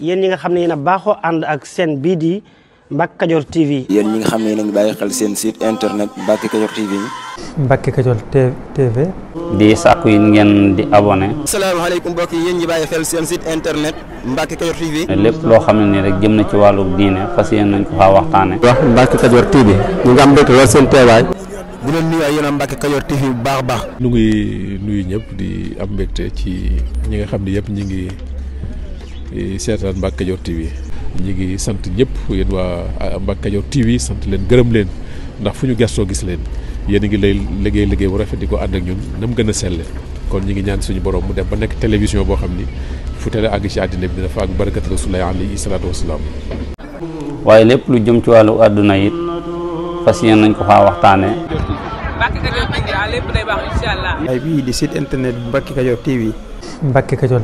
yéen ñi nga xam ne yéen a baaxoo ànd ak seen bii di Mbacke Kadior TV. yéen ñi nga xam ne yéen bàyyi xel seen site internet Mbacke Kadior TV. Mbacke Kadior TV. di sàkku yi ngeen di abonné. asalaamaaleykum mbokk yi yéen ñi bàyyi xel seen site internet Mbacke Kadior lépp loo xam ne nii rek jëm na ci wàllu diine fas yéen nañ ko faa waxtaanee. wax Mbacke Kadior TV. ñu ngi am mbégte lool seen teewaay. di leen nuyu ay yéen baax a baax. ñu ngi nuyu ñëpp di am ci ñi nga xam ne yëpp ñi ngi di seetaan Mbacke Kadior TV ñu ngi sant ñëpp yéen waa ah, Mbacke Kadior TV sant leen gërëm leen ndax fu ñu gestoo gis leen yéen a ngi lay liggéey liggéey bu rafet di ko ànd ak ñun na mu gën a selle kon ñu ngi ñaan suñu borom mu dem ba nekk télévision boo xam ni fu télé àgg ci àddina bi dina fa ak barakat rasulaay alayhi salaatu wasalaam waaye lépp lu jëm ci wàllu àdduna yi fas yéen nañ ko faa waxtaanee. Mbacke ah, bii di site internet Mbacke Kadior TV. Mbacke Kadior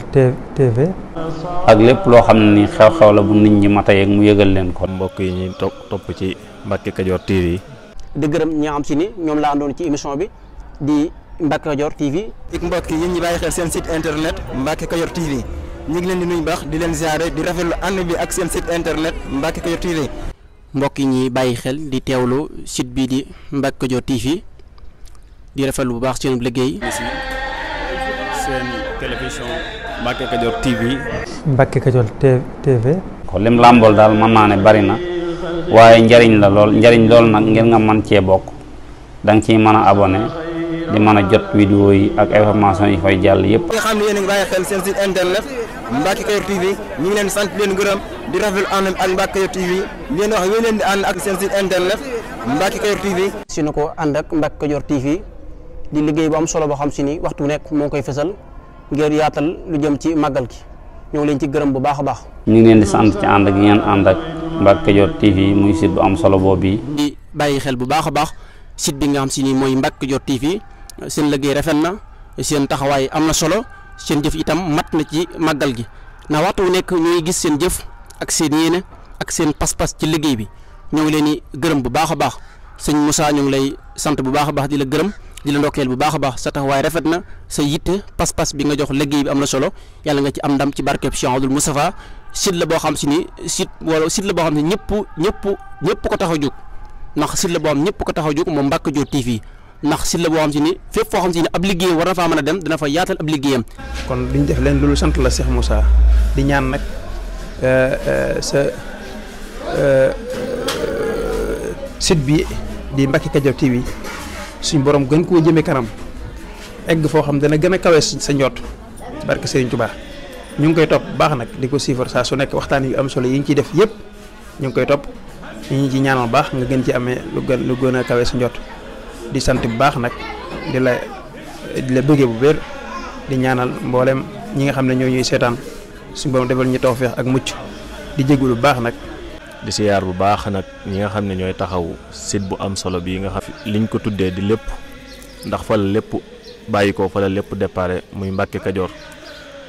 TV. ak lépp loo xam ne ni xew-xew la bu nit ñi mata yeeg mu yëgal leen ko. mbokk yi ñuy topp topp ci Mbacke Kadior TV. di gërëm ñaa nga xam si ni ñoom laa andoon ci émission bi di Mbacke Kadior TV. ak mbokk yi yéen bàyyi xel seen site internet Mbacke Kadior ñu ngi leen di nuyu baax di leen ziare di rafetlu ànd bi ak seen site internet Mbacke Kadior TV. mbokk yi ñuy bàyyi xel di teewlu site bii di Mbacke Kadior TV di rafetlu bu baax seen liggéey. télévision Mbacke Kadior TV. Mbacke Kadior TV. kon lim làmbool daal mën naa ne bari na waaye njariñ la lool njariñ lool nag ngir nga man cee bokk da nga ciy mën a abonné di man a jot vidéo yi ak information yi fay jàll yëpp. nga xam ne yéen a ngi bàyyi xel seen site internet Mbacke Kadior TV ñu ngi leen ak Mbacke Kadior wax yéen leen di ànd ak seen site internet Mbacke Kadior TV. si na ko ànd ak Mbacke Kadior TV di liggéey bu am solo boo xam si ni waxtu nekk moo koy fësal. ngir yaatal lu jëm ci màggal gi ñoo leen ci gërëm bu baax a baax. ñu ngi leen di sant ci ànd ak ngeen ànd ak Mbacke Kadior TV muy site bu am solo boobu bii bàyyi xel bu baax a baax sit bi nga xam si ni mooy Mbacke Kadior TV seen liggéey rafet na seen taxawaay am na solo seen jëf itam mat na ci màggal gi ndax waxtu wu nekk ñuy gis seen jëf ak seen yéene ak seen pas-pas ci liggéey bi ñoo leen yi gërëm bu baax a baax sëñ musaa ñu ngi lay sant bu baax a baax di la gërëm. di la ndokkeel bu baax a baax sa taxawaay rafet na sa yitte pas-pas bi nga jox liggéey bi am na solo yàlla nga ci am ndam ci barkeb Cheikh Abdoul Moustapha site la boo xam si ni site wala site boo xam ne ñëpp ñëpp ñëpp ko tax a jóg ndax site la boo xam ñëpp ko tax a jóg moom Mbacke Dior TV ndax site la boo xam si ni fépp foo xam si ni ab liggéeyam war na faa mën a dem dana fa yaatal ab liggéeyam. kon duñ def leen loolu sant la Cheikh Moussa di ñaan nag euh, euh, sa euh, bi di Mbacke Kadior TV. suñ borom gën koo jëmee kanam egg foo xam dana gën a kawe sa njot barke Serigne Touba ñu ngi koy topp baax nag di ko suivre saa su nekk waxtaan yu am solo yi ñu ciy def yëpp ñu ngi koy topp ñu ngi ci ñaanal baax nga gën ci amee lu gën lu gën a kawe sa njoot di sant bu baax nag di la di la bëggee bu wér di ñaanal mboolem ñi nga xam ne ñoo ñuy seetaan suñ borom defal ñu toog feex ak mucc di jégalu bu baax nag. di siyaar bu baax nag ñi nga xam ne ñooy taxaw site bu am solo bii nga xam liñ ko tuddee di lépp ndax fa la lépp bàyyi ko fa la lépp déparé muy Mbàkke Kajoor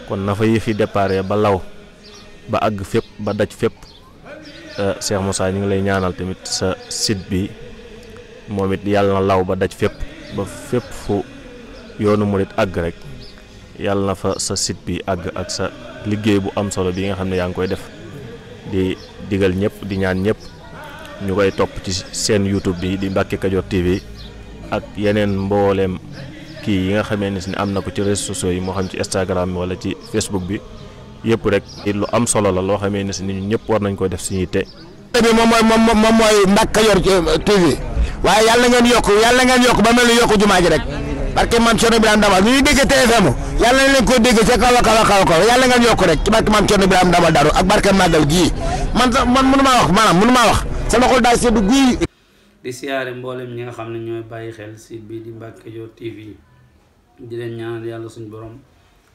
kon na fa yëfi déparé ba law ba àgg fépp ba daj fépp eh, Cheikh Moussa ñu ngi lay ñaanal tamit sa site bi moom it yàlla law ba daj fépp ba fépp fu yoonu murit àgg rek yàlla na fa sa site bi àgg ak sa liggéey bu am solo bi nga xam ne yaa ngi koy def di digal ñëpp di ñaan ñëpp ñu koy topp ci seen YouTube bi di Mbacke Kadior TV ak yeneen mbooleem kii yi nga xamee ne si am na ko ci réseaux sociaux yi moo xam ci Instagram wala ci Facebook bi yëpp rek lu am solo la loo xamee ne si nit ñëpp war nañ ko def suñuy te. bi moom mooy moom mooy Mbacke Kadior TV waaye yàlla ngeen yokk yàlla ngeen yokk ba mel ni yokk jumaa ji rek. barke maam Cerno Birahim Damal ñu ngi dégg TFM yàlla nañ leen ko dégg ca kaw a kaw a kaw a kaw yàlla nga yokk rek ci barke maam Cerno Birahim Damal Daaru ak barke màggal gii man sax man mënu maa wax maanaam mënu maa wax sama xol daal seddu guy di siyaare mboolem ñi nga xam ne ñooy bàyyi xel si bii di Mbacke Kadior TV di leen ñaanal yàlla suñu borom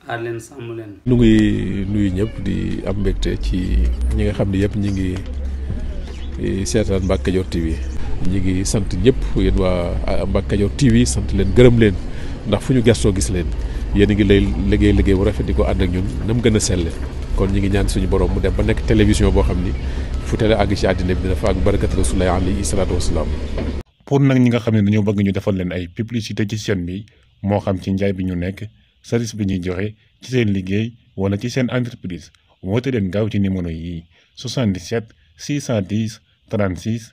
aar leen sàmm leen. ñu ngi nuyu ñëpp di am mbégte ci ñi nga xam ne yëpp ñu ngi eh, seetaan Mbacke Kadior TV. ñu ngi sant ñëpp yéen waa Mbacke Kadior TV sant leen gërëm leen ndax fu ñu gertoo gis leen yéen a ngi lay liggéey liggéey bu rafet di ko ànd ak ñun nam gën a selle kon ñu ngi ñaan suñu borom mu dem ba nekk télévision boo xam ni fu télé àgg ci àddina bi dina fa ak barakat rasulaay nag ñi nga xam ne dañoo bëgg ñu defal leen ay publicité ci seen bi moo xam ci njaay bi ñu nekk service bi ñuy joxe ci seen liggéey wala ci seen entreprise woote leen gaaw ci numéro yi 77 610 36